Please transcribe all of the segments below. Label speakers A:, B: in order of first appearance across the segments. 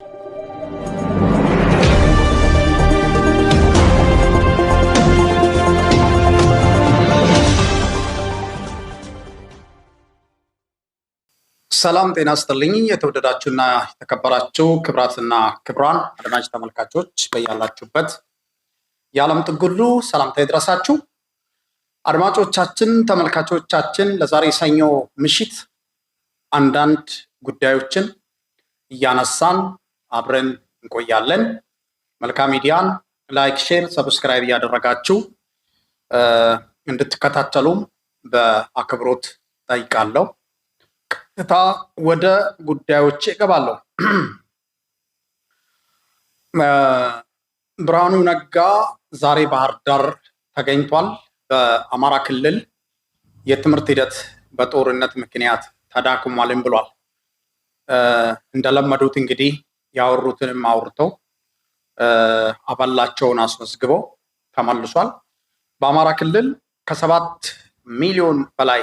A: ሰላም ጤና ስጥልኝ። የተወደዳችሁና የተከበራችሁ ክብራትና ክብሯን አድማጭ ተመልካቾች በያላችሁበት የዓለም ጥጉሉ ሰላምታ ይድረሳችሁ። አድማጮቻችን፣ ተመልካቾቻችን ለዛሬ ሰኞ ምሽት አንዳንድ ጉዳዮችን እያነሳን አብረን እንቆያለን። መልካም ሚዲያን ላይክ፣ ሼር፣ ሰብስክራይብ እያደረጋችሁ እንድትከታተሉም በአክብሮት ጠይቃለሁ። ቀጥታ ወደ ጉዳዮች እገባለሁ። ብርሃኑ ነጋ ዛሬ ባህር ዳር ተገኝቷል። በአማራ ክልል የትምህርት ሂደት በጦርነት ምክንያት ተዳክሟልን ብሏል። እንደለመዱት እንግዲህ ያወሩትንም አውርተው አባላቸውን አስመዝግበው ተመልሷል። በአማራ ክልል ከሰባት ሚሊዮን በላይ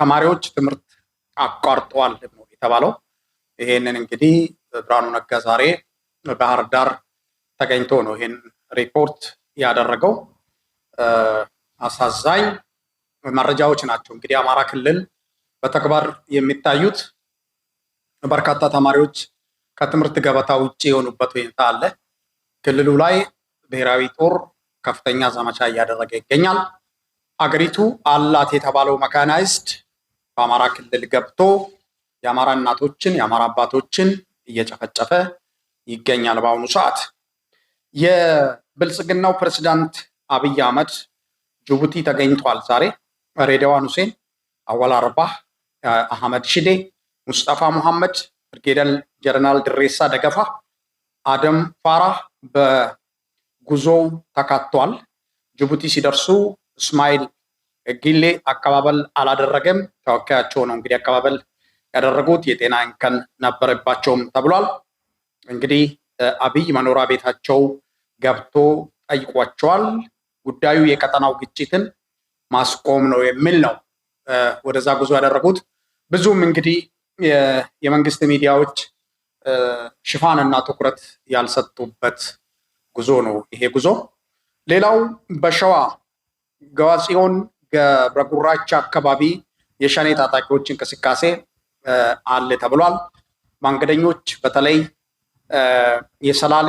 A: ተማሪዎች ትምህርት አቋርጠዋል ነው የተባለው። ይሄንን እንግዲህ ብርሃኑ ነጋ ዛሬ ባህር ዳር ተገኝቶ ነው ይህን ሪፖርት ያደረገው። አሳዛኝ መረጃዎች ናቸው እንግዲህ አማራ ክልል በተግባር የሚታዩት በርካታ ተማሪዎች ከትምህርት ገበታ ውጭ የሆኑበት ሁኔታ አለ። ክልሉ ላይ ብሔራዊ ጦር ከፍተኛ ዘመቻ እያደረገ ይገኛል። አገሪቱ አላት የተባለው መካናይዝድ በአማራ ክልል ገብቶ የአማራ እናቶችን የአማራ አባቶችን እየጨፈጨፈ ይገኛል። በአሁኑ ሰዓት የብልጽግናው ፕሬዚዳንት አብይ አህመድ ጅቡቲ ተገኝቷል። ዛሬ ሬድዋን ሁሴን፣ አወል አርባህ፣ አህመድ ሽዴ፣ ሙስጠፋ ሙሐመድ ብርጌደር ጀነራል ድሬሳ ደገፋ፣ አደም ፋራ በጉዞው ተካቷል። ጅቡቲ ሲደርሱ እስማኤል ጊሌ አቀባበል አላደረገም። ተወካያቸው ነው እንግዲህ አቀባበል ያደረጉት። የጤና እንከን ነበረባቸውም ተብሏል። እንግዲህ አብይ መኖሪያ ቤታቸው ገብቶ ጠይቋቸዋል። ጉዳዩ የቀጠናው ግጭትን ማስቆም ነው የሚል ነው። ወደዛ ጉዞ ያደረጉት ብዙም እንግዲህ የመንግስት ሚዲያዎች ሽፋን ትኩረት ያልሰጡበት ጉዞ ነው ይሄ ጉዞ። ሌላው በሸዋ ገዋጽዮን ገብረጉራቻ አካባቢ የሸኔ ታጣቂዎች እንቅስቃሴ አለ ተብሏል። መንገደኞች በተለይ የሰላሌ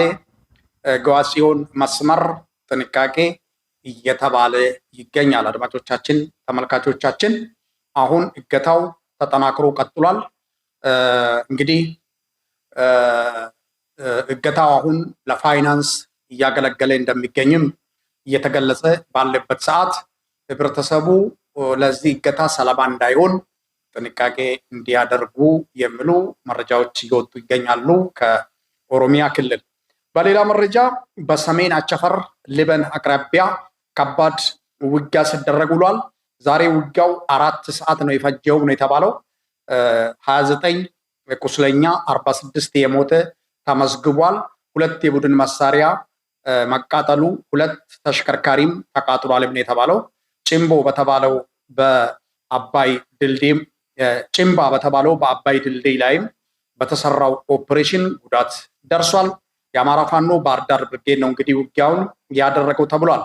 A: ገዋጽዮን መስመር ጥንቃቄ እየተባለ ይገኛል። አድማጮቻችን፣ ተመልካቾቻችን አሁን እገታው ተጠናክሮ ቀጥሏል። እንግዲህ እገታው አሁን ለፋይናንስ እያገለገለ እንደሚገኝም እየተገለጸ ባለበት ሰዓት ህብረተሰቡ ለዚህ እገታ ሰለባ እንዳይሆን ጥንቃቄ እንዲያደርጉ የሚሉ መረጃዎች እየወጡ ይገኛሉ ከኦሮሚያ ክልል። በሌላ መረጃ በሰሜን አቸፈር ልበን አቅራቢያ ከባድ ውጊያ ሲደረግ ውሏል። ዛሬ ውጊያው አራት ሰዓት ነው የፈጀው ነው የተባለው። 29 ቁስለኛ አርባ ስድስት የሞተ ተመዝግቧል። ሁለት የቡድን መሳሪያ መቃጠሉ ሁለት ተሽከርካሪም ተቃጥሏል ብን የተባለው ጭምቦ በተባለው በአባይ ድልድይም ጭምባ በተባለው በአባይ ድልድይ ላይም በተሰራው ኦፕሬሽን ጉዳት ደርሷል። የአማራ ፋኖ ባህር ዳር ብርጌድ ነው እንግዲህ ውጊያውን ያደረገው ተብሏል።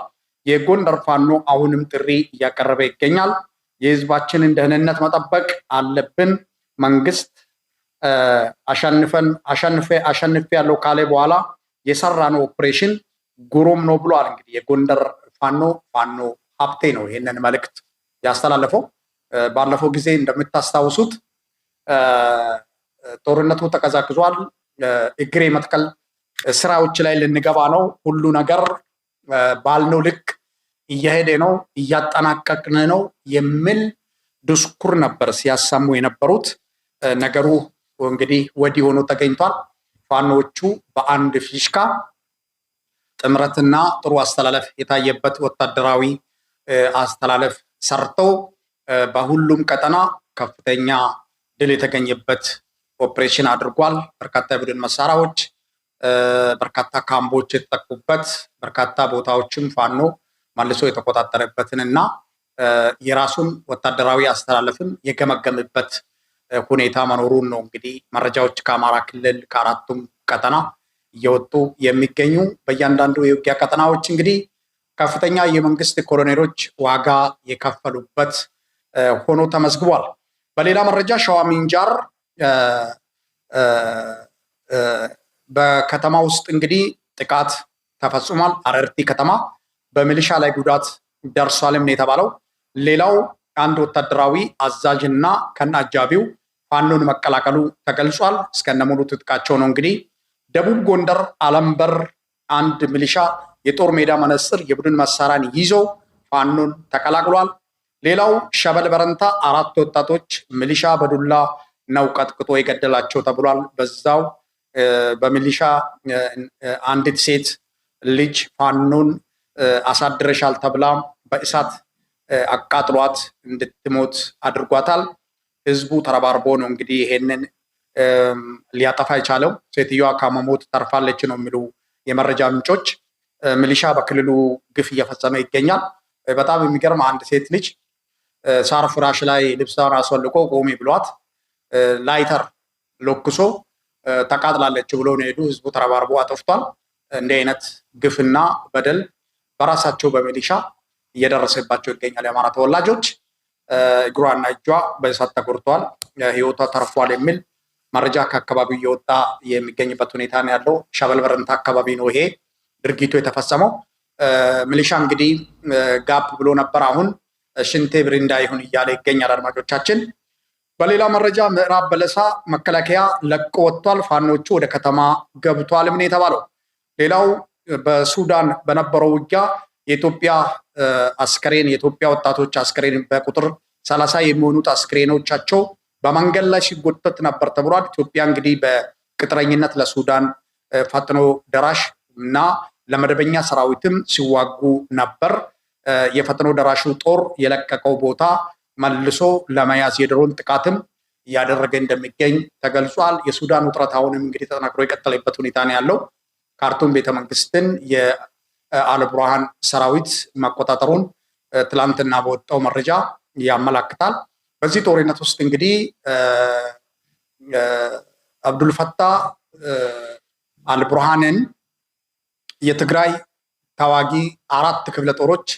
A: የጎንደር ፋኖ አሁንም ጥሪ እያቀረበ ይገኛል። የህዝባችንን ደህንነት መጠበቅ አለብን። መንግስት አሸንፈን አሸንፌ አሸንፌ ያለው ካለ በኋላ የሰራ ነው ኦፕሬሽን ጉሮም ነው ብሏል። እንግዲህ የጎንደር ፋኖ ፋኖ ሀብቴ ነው ይህንን መልእክት ያስተላለፈው። ባለፈው ጊዜ እንደምታስታውሱት ጦርነቱ ተቀዛቅዟል። እግሬ መትከል ስራዎች ላይ ልንገባ ነው። ሁሉ ነገር ባልነው ልክ እየሄደ ነው፣ እያጠናቀቅን ነው የሚል ድስኩር ነበር ሲያሰሙ የነበሩት። ነገሩ እንግዲህ ወዲህ ሆኖ ተገኝቷል። ፋኖቹ በአንድ ፊሽካ ጥምረትና ጥሩ አስተላለፍ የታየበት ወታደራዊ አስተላለፍ ሰርተው በሁሉም ቀጠና ከፍተኛ ድል የተገኘበት ኦፕሬሽን አድርጓል። በርካታ የቡድን መሳሪያዎች፣ በርካታ ካምቦች የተጠቁበት፣ በርካታ ቦታዎችም ፋኖ መልሶ የተቆጣጠረበትን እና የራሱን ወታደራዊ አስተላለፍም የገመገምበት ሁኔታ መኖሩን ነው። እንግዲህ መረጃዎች ከአማራ ክልል ከአራቱም ቀጠና እየወጡ የሚገኙ በእያንዳንዱ የውጊያ ቀጠናዎች እንግዲህ ከፍተኛ የመንግስት ኮሎኔሎች ዋጋ የከፈሉበት ሆኖ ተመዝግቧል። በሌላ መረጃ ሸዋ ሚንጃር በከተማ ውስጥ እንግዲህ ጥቃት ተፈጽሟል። አረርቲ ከተማ በሚሊሻ ላይ ጉዳት ደርሷልም ነው የተባለው። ሌላው አንድ ወታደራዊ አዛዥና ከነ ፋኖን መቀላቀሉ ተገልጿል። እስከነ ሙሉ ትጥቃቸው ነው። እንግዲህ ደቡብ ጎንደር አለምበር አንድ ሚሊሻ የጦር ሜዳ መነጽር የቡድን መሳሪያን ይዞ ፋኖን ተቀላቅሏል። ሌላው ሸበል በረንታ አራት ወጣቶች ሚሊሻ በዱላ ነው ቀጥቅጦ የገደላቸው ተብሏል። በዛው በሚሊሻ አንዲት ሴት ልጅ ፋኖን አሳድረሻል ተብላ በእሳት አቃጥሏት እንድትሞት አድርጓታል። ህዝቡ ተረባርቦ ነው እንግዲህ ይሄንን ሊያጠፋ የቻለው። ሴትዮዋ ከመሞት ተርፋለች ነው የሚሉ የመረጃ ምንጮች። ሚሊሻ በክልሉ ግፍ እየፈጸመ ይገኛል። በጣም የሚገርም አንድ ሴት ልጅ ሳር ፍራሽ ላይ ልብሷን አስወልቆ ቆሜ ብሏት ላይተር ለኩሶ ተቃጥላለች ብሎ ነው ሄዱ። ህዝቡ ተረባርቦ አጠፍቷል። እንዲህ አይነት ግፍና በደል በራሳቸው በሚሊሻ እየደረሰባቸው ይገኛል። የአማራ ተወላጆች እግሯና እጇ በእሳት ተጎድተዋል፣ ህይወቷ ተርፏል የሚል መረጃ ከአካባቢው እየወጣ የሚገኝበት ሁኔታ ነው ያለው። ሻበል አካባቢ ነው ይሄ ድርጊቱ የተፈጸመው። ሚሊሻ እንግዲህ ጋፕ ብሎ ነበር። አሁን ሽንቴ ብሪንዳ ይሁን እያለ ይገኛል። አድማጮቻችን፣ በሌላ መረጃ ምዕራብ በለሳ መከላከያ ለቆ ወጥቷል፣ ፋኖቹ ወደ ከተማ ገብቷል። ምን የተባለው። ሌላው በሱዳን በነበረው ውጊያ የኢትዮጵያ አስከሬን የኢትዮጵያ ወጣቶች አስከሬን በቁጥር ሰላሳ የሚሆኑት አስክሬኖቻቸው በመንገድ ላይ ሲጎተት ነበር ተብሏል። ኢትዮጵያ እንግዲህ በቅጥረኝነት ለሱዳን ፈጥኖ ደራሽ እና ለመደበኛ ሰራዊትም ሲዋጉ ነበር። የፈጥኖ ደራሹ ጦር የለቀቀው ቦታ መልሶ ለመያዝ የድሮን ጥቃትም እያደረገ እንደሚገኝ ተገልጿል። የሱዳን ውጥረት አሁንም እንግዲህ ተጠናክሮ የቀጠለበት ሁኔታ ነው ያለው። ካርቱም ቤተመንግስትን የአልቡርሃን ሰራዊት መቆጣጠሩን ትላንትና በወጣው መረጃ ያመላክታል። በዚህ ጦርነት ውስጥ እንግዲህ አብዱልፈታ አልቡርሃንን የትግራይ ታዋጊ አራት ክፍለ ጦሮች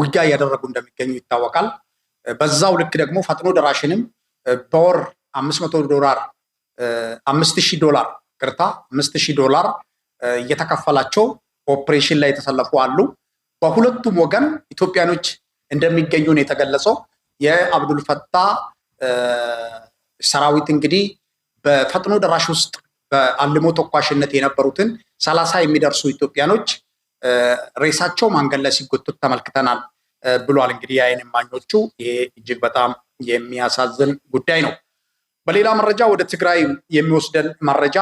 A: ውጊያ እያደረጉ እንደሚገኙ ይታወቃል። በዛው ልክ ደግሞ ፈጥኖ ደራሽንም በወር አምስት መቶ ዶላር አምስት ሺህ ዶላር ቅርታ አምስት ሺህ ዶላር እየተከፈላቸው ኦፕሬሽን ላይ የተሰለፉ አሉ። በሁለቱም ወገን ኢትዮጵያኖች እንደሚገኙ ነው የተገለጸው። የአብዱልፈታ ሰራዊት እንግዲህ በፈጥኖ ደራሽ ውስጥ በአልሞ ተኳሽነት የነበሩትን ሰላሳ የሚደርሱ ኢትዮጵያኖች ሬሳቸው ማንገድ ላይ ሲጎትት ተመልክተናል ብሏል። እንግዲህ የአይን እማኞቹ ይሄ እጅግ በጣም የሚያሳዝን ጉዳይ ነው። በሌላ መረጃ ወደ ትግራይ የሚወስደን መረጃ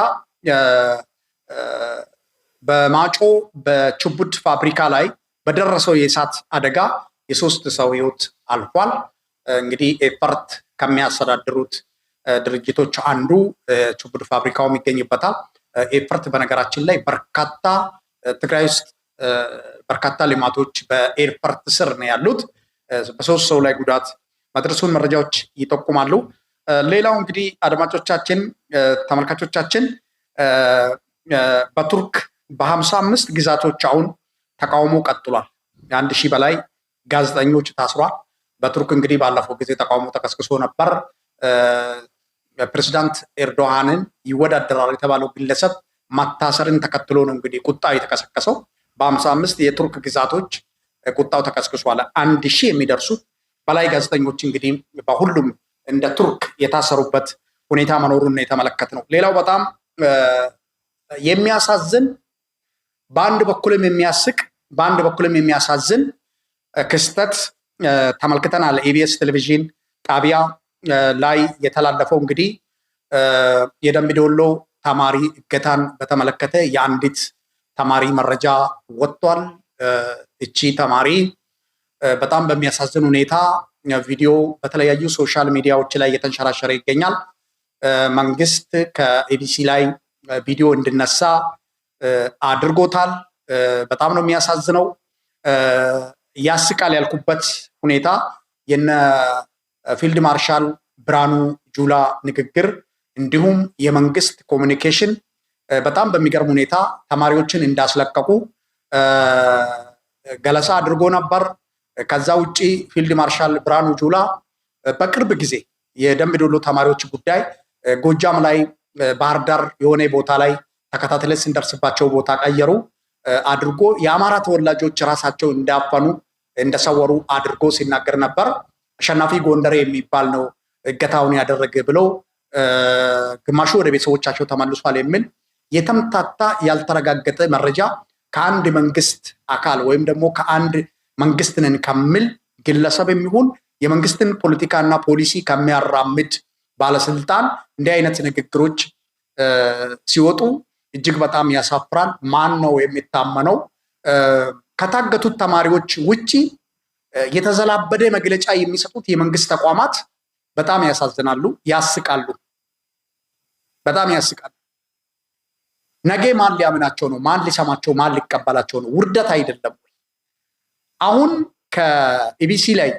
A: በማጮ በችቡድ ፋብሪካ ላይ በደረሰው የእሳት አደጋ የሶስት ሰው ህይወት አልፏል። እንግዲህ ኤፈርት ከሚያስተዳድሩት ድርጅቶች አንዱ ችቡድ ፋብሪካውም ይገኝበታል። ኤፈርት በነገራችን ላይ በርካታ ትግራይ ውስጥ በርካታ ልማቶች በኤፈርት ስር ነው ያሉት። በሶስት ሰው ላይ ጉዳት መድረሱን መረጃዎች ይጠቁማሉ። ሌላው እንግዲህ አድማጮቻችን፣ ተመልካቾቻችን በቱርክ በሀምሳ አምስት ግዛቶች አሁን ተቃውሞ ቀጥሏል። የአንድ ሺህ በላይ ጋዜጠኞች ታስሯል። በቱርክ እንግዲህ ባለፈው ጊዜ ተቃውሞ ተቀስቅሶ ነበር። ፕሬዚዳንት ኤርዶሃንን ይወዳደራል የተባለው ግለሰብ ማታሰርን ተከትሎ ነው እንግዲህ ቁጣ የተቀሰቀሰው። በሀምሳ አምስት የቱርክ ግዛቶች ቁጣው ተቀስቅሷል። አንድ ሺህ የሚደርሱት በላይ ጋዜጠኞች እንግዲህ በሁሉም እንደ ቱርክ የታሰሩበት ሁኔታ መኖሩን የተመለከት ነው። ሌላው በጣም የሚያሳዝን በአንድ በኩልም የሚያስቅ በአንድ በኩልም የሚያሳዝን ክስተት ተመልክተናል። ኢቢኤስ ቴሌቪዥን ጣቢያ ላይ የተላለፈው እንግዲህ የደምቢዶሎ ተማሪ እገታን በተመለከተ የአንዲት ተማሪ መረጃ ወጥቷል። እቺ ተማሪ በጣም በሚያሳዝን ሁኔታ ቪዲዮ በተለያዩ ሶሻል ሚዲያዎች ላይ እየተንሸራሸረ ይገኛል። መንግስት ከኤቢሲ ላይ ቪዲዮ እንድነሳ አድርጎታል። በጣም ነው የሚያሳዝነው። ያስቃል ያልኩበት ሁኔታ የነ ፊልድ ማርሻል ብርሃኑ ጁላ ንግግር እንዲሁም የመንግስት ኮሚኒኬሽን በጣም በሚገርም ሁኔታ ተማሪዎችን እንዳስለቀቁ ገለጻ አድርጎ ነበር። ከዛ ውጭ ፊልድ ማርሻል ብርሃኑ ጁላ በቅርብ ጊዜ የደምቢ ተማሪዎች ጉዳይ ጎጃም ላይ ባህር ዳር የሆነ ቦታ ላይ ተከታተለ ስንደርስባቸው ቦታ ቀየሩ አድርጎ የአማራ ተወላጆች ራሳቸው እንዳፈኑ እንደሰወሩ አድርጎ ሲናገር ነበር። አሸናፊ ጎንደሬ የሚባል ነው እገታውን ያደረገ ብለው ግማሹ ወደ ቤተሰቦቻቸው ተመልሷል የሚል የተምታታ ያልተረጋገጠ መረጃ ከአንድ መንግስት አካል ወይም ደግሞ ከአንድ መንግስት ነን ከሚል ግለሰብ የሚሆን የመንግስትን ፖለቲካና ፖሊሲ ከሚያራምድ ባለስልጣን እንዲህ አይነት ንግግሮች ሲወጡ እጅግ በጣም ያሳፍራል። ማን ነው የሚታመነው? ከታገቱት ተማሪዎች ውጪ የተዘላበደ መግለጫ የሚሰጡት የመንግስት ተቋማት በጣም ያሳዝናሉ፣ ያስቃሉ፣ በጣም ያስቃሉ። ነገ ማን ሊያምናቸው ነው? ማን ሊሰማቸው፣ ማን ሊቀበላቸው ነው? ውርደት አይደለም ወይ? አሁን ከኢቢሲ ላይ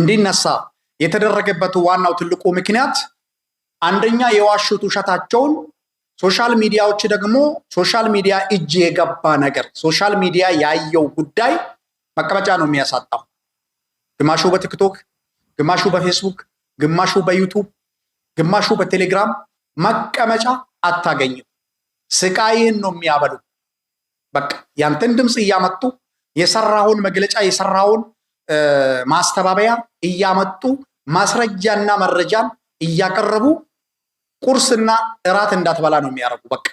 A: እንዲነሳ የተደረገበት ዋናው ትልቁ ምክንያት አንደኛ የዋሹት ውሸታቸውን ሶሻል ሚዲያዎች ደግሞ ሶሻል ሚዲያ እጅ የገባ ነገር ሶሻል ሚዲያ ያየው ጉዳይ መቀመጫ ነው የሚያሳጣው። ግማሹ በቲክቶክ፣ ግማሹ በፌስቡክ፣ ግማሹ በዩቱብ፣ ግማሹ በቴሌግራም መቀመጫ አታገኝም። ስቃይን ነው የሚያበሉ። በቃ ያንተን ድምፅ እያመጡ የሰራውን መግለጫ የሰራውን ማስተባበያ እያመጡ ማስረጃና መረጃን እያቀረቡ ቁርስና እራት እንዳትበላ ነው የሚያደርጉ። በቃ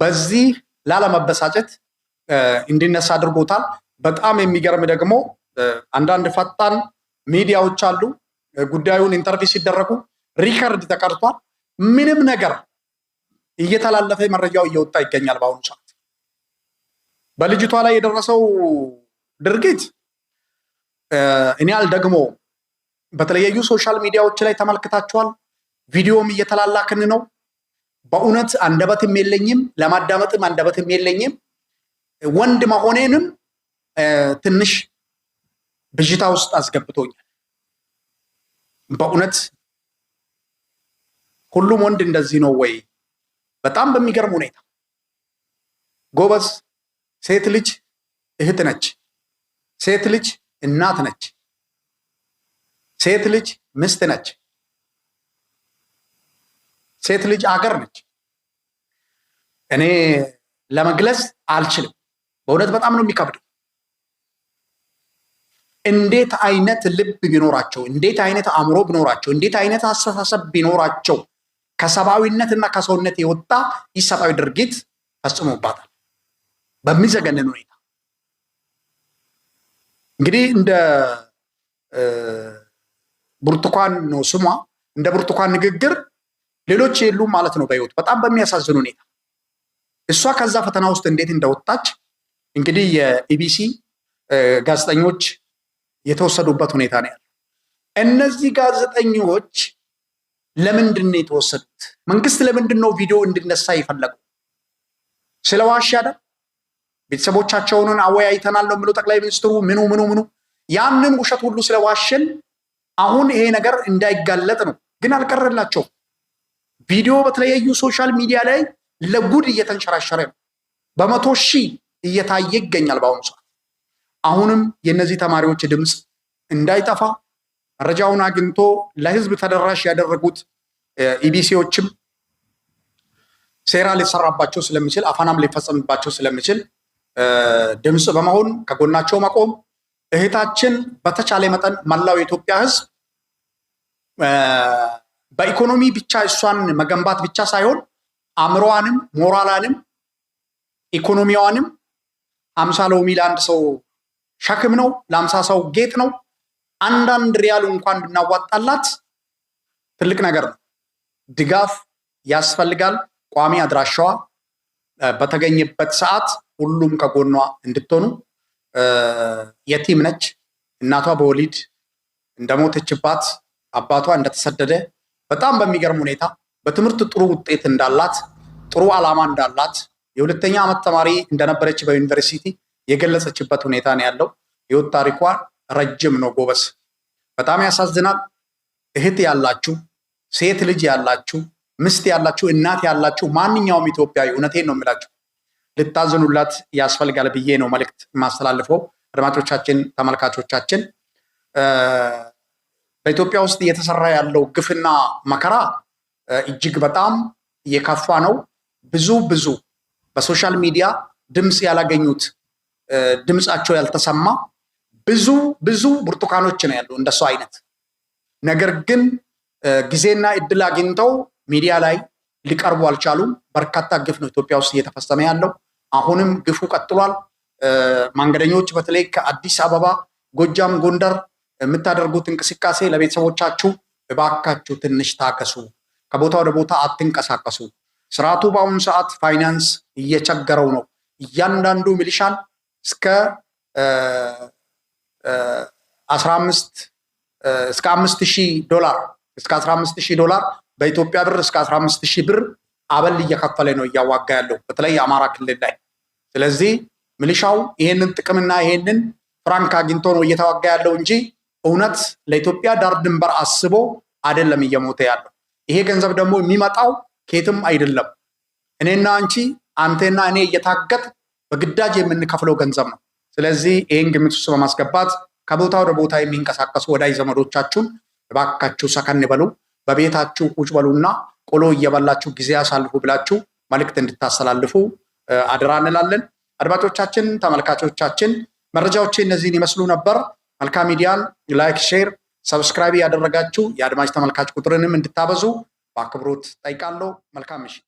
A: በዚህ ላለመበሳጨት እንዲነሳ አድርጎታል። በጣም የሚገርም ደግሞ አንዳንድ ፈጣን ሚዲያዎች አሉ። ጉዳዩን ኢንተርቪው ሲደረጉ ሪከርድ ተቀርቷል። ምንም ነገር እየተላለፈ መረጃው እየወጣ ይገኛል። በአሁኑ ሰዓት በልጅቷ ላይ የደረሰው ድርጊት እኔ አልደግሞ በተለያዩ ሶሻል ሚዲያዎች ላይ ተመልክታችኋል። ቪዲዮም እየተላላክን ነው። በእውነት አንደበትም የለኝም፣ ለማዳመጥም አንደበትም የለኝም። ወንድ መሆኔንም ትንሽ ብዥታ ውስጥ አስገብቶኛል። በእውነት ሁሉም ወንድ እንደዚህ ነው ወይ? በጣም በሚገርም ሁኔታ ጎበዝ። ሴት ልጅ እህት ነች። ሴት ልጅ እናት ነች። ሴት ልጅ ምስት ነች። ሴት ልጅ አገር ነች። እኔ ለመግለጽ አልችልም። በእውነት በጣም ነው የሚከብደው። እንዴት አይነት ልብ ቢኖራቸው፣ እንዴት አይነት አእምሮ ቢኖራቸው፣ እንዴት አይነት አስተሳሰብ ቢኖራቸው ከሰብአዊነት እና ከሰውነት የወጣ ኢሰብአዊ ድርጊት ፈጽሞባታል በሚዘገንን ሁኔታ። እንግዲህ እንደ ብርቱካን ነው ስሟ፣ እንደ ብርቱካን ንግግር ሌሎች የሉም ማለት ነው በህይወት በጣም በሚያሳዝን ሁኔታ። እሷ ከዛ ፈተና ውስጥ እንዴት እንደወጣች እንግዲህ የኢቢሲ ጋዜጠኞች የተወሰዱበት ሁኔታ ነው ያለው። እነዚህ ጋዜጠኞች ለምንድን ነው የተወሰዱት? መንግስት ለምንድን ነው ቪዲዮ እንድነሳ የፈለገው? ስለ ዋሽ አይደል? ቤተሰቦቻቸውን አወያይተናል ነው የሚለው ጠቅላይ ሚኒስትሩ። ምኑ ምኑ ምኑ ያንን ውሸት ሁሉ ስለ ዋሽን አሁን ይሄ ነገር እንዳይጋለጥ ነው። ግን አልቀረላቸውም። ቪዲዮ በተለያዩ ሶሻል ሚዲያ ላይ ለጉድ እየተንሸራሸረ ነው። በመቶ ሺህ እየታየ ይገኛል በአሁኑ ሰዓት። አሁንም የእነዚህ ተማሪዎች ድምፅ እንዳይጠፋ መረጃውን አግኝቶ ለህዝብ ተደራሽ ያደረጉት ኢቢሲዎችም ሴራ ሊሰራባቸው ስለሚችል አፈናም ሊፈጸምባቸው ስለሚችል ድምፅ በመሆን ከጎናቸው መቆም እህታችን በተቻለ መጠን መላው የኢትዮጵያ ህዝብ በኢኮኖሚ ብቻ እሷን መገንባት ብቻ ሳይሆን አእምሮዋንም ሞራላንም ኢኮኖሚዋንም አምሳ ሎሚ ለአንድ ሰው ሸክም ነው፣ ለአምሳ ሰው ጌጥ ነው። አንዳንድ ሪያል እንኳን ብናዋጣላት ትልቅ ነገር ነው። ድጋፍ ያስፈልጋል። ቋሚ አድራሻዋ በተገኘበት ሰዓት ሁሉም ከጎኗ እንድትሆኑ። የቲም ነች። እናቷ በወሊድ እንደሞተችባት አባቷ እንደተሰደደ በጣም በሚገርም ሁኔታ በትምህርት ጥሩ ውጤት እንዳላት፣ ጥሩ ዓላማ እንዳላት የሁለተኛ ዓመት ተማሪ እንደነበረች በዩኒቨርሲቲ የገለጸችበት ሁኔታ ነው ያለው። ህይወት ታሪኳ ረጅም ነው ጎበስ። በጣም ያሳዝናል። እህት ያላችሁ፣ ሴት ልጅ ያላችሁ፣ ምስት ያላችሁ፣ እናት ያላችሁ ማንኛውም ኢትዮጵያዊ እውነቴን ነው የምላችሁ ልታዝኑላት ያስፈልጋል ብዬ ነው መልእክት የማስተላልፈው። አድማጮቻችን፣ ተመልካቾቻችን በኢትዮጵያ ውስጥ እየተሰራ ያለው ግፍና መከራ እጅግ በጣም የከፋ ነው። ብዙ ብዙ በሶሻል ሚዲያ ድምፅ ያላገኙት ድምፃቸው ያልተሰማ ብዙ ብዙ ብርቱካኖች ነው ያሉ እንደሱ አይነት ነገር ግን ጊዜና እድል አግኝተው ሚዲያ ላይ ሊቀርቡ አልቻሉም። በርካታ ግፍ ነው ኢትዮጵያ ውስጥ እየተፈጸመ ያለው። አሁንም ግፉ ቀጥሏል። መንገደኞች በተለይ ከአዲስ አበባ፣ ጎጃም፣ ጎንደር የምታደርጉት እንቅስቃሴ ለቤተሰቦቻችሁ እባካችሁ ትንሽ ታገሱ፣ ከቦታ ወደ ቦታ አትንቀሳቀሱ። ስርዓቱ በአሁኑ ሰዓት ፋይናንስ እየቸገረው ነው። እያንዳንዱ ሚሊሻን እስከ አስራ አምስት እስከ አምስት ሺህ ዶላር እስከ አስራ አምስት ሺህ ዶላር በኢትዮጵያ ብር እስከ አስራ አምስት ሺህ ብር አበል እየከፈለ ነው እያዋጋ ያለው በተለይ የአማራ ክልል ላይ። ስለዚህ ሚሊሻው ይሄንን ጥቅምና ይሄንን ፍራንክ አግኝቶ ነው እየተዋጋ ያለው እንጂ እውነት ለኢትዮጵያ ዳር ድንበር አስቦ አይደለም እየሞተ ያለው። ይሄ ገንዘብ ደግሞ የሚመጣው ከየትም አይደለም። እኔና አንቺ፣ አንተና እኔ እየታገት በግዳጅ የምንከፍለው ገንዘብ ነው። ስለዚህ ይህን ግምት ውስጥ በማስገባት ከቦታ ወደ ቦታ የሚንቀሳቀሱ ወዳጅ ዘመዶቻችሁን እባካችሁ ሰከን በሉ፣ በቤታችሁ ቁጭ በሉና ቆሎ እየበላችሁ ጊዜ ያሳልፉ ብላችሁ መልእክት እንድታስተላልፉ አደራ እንላለን። አድማጮቻችን፣ ተመልካቾቻችን መረጃዎች እነዚህን ይመስሉ ነበር። መልካም ሚዲያን ላይክ፣ ሼር፣ ሰብስክራይብ ያደረጋችሁ የአድማጭ ተመልካች ቁጥርንም እንድታበዙ በአክብሮት ጠይቃለሁ። መልካም ምሽት።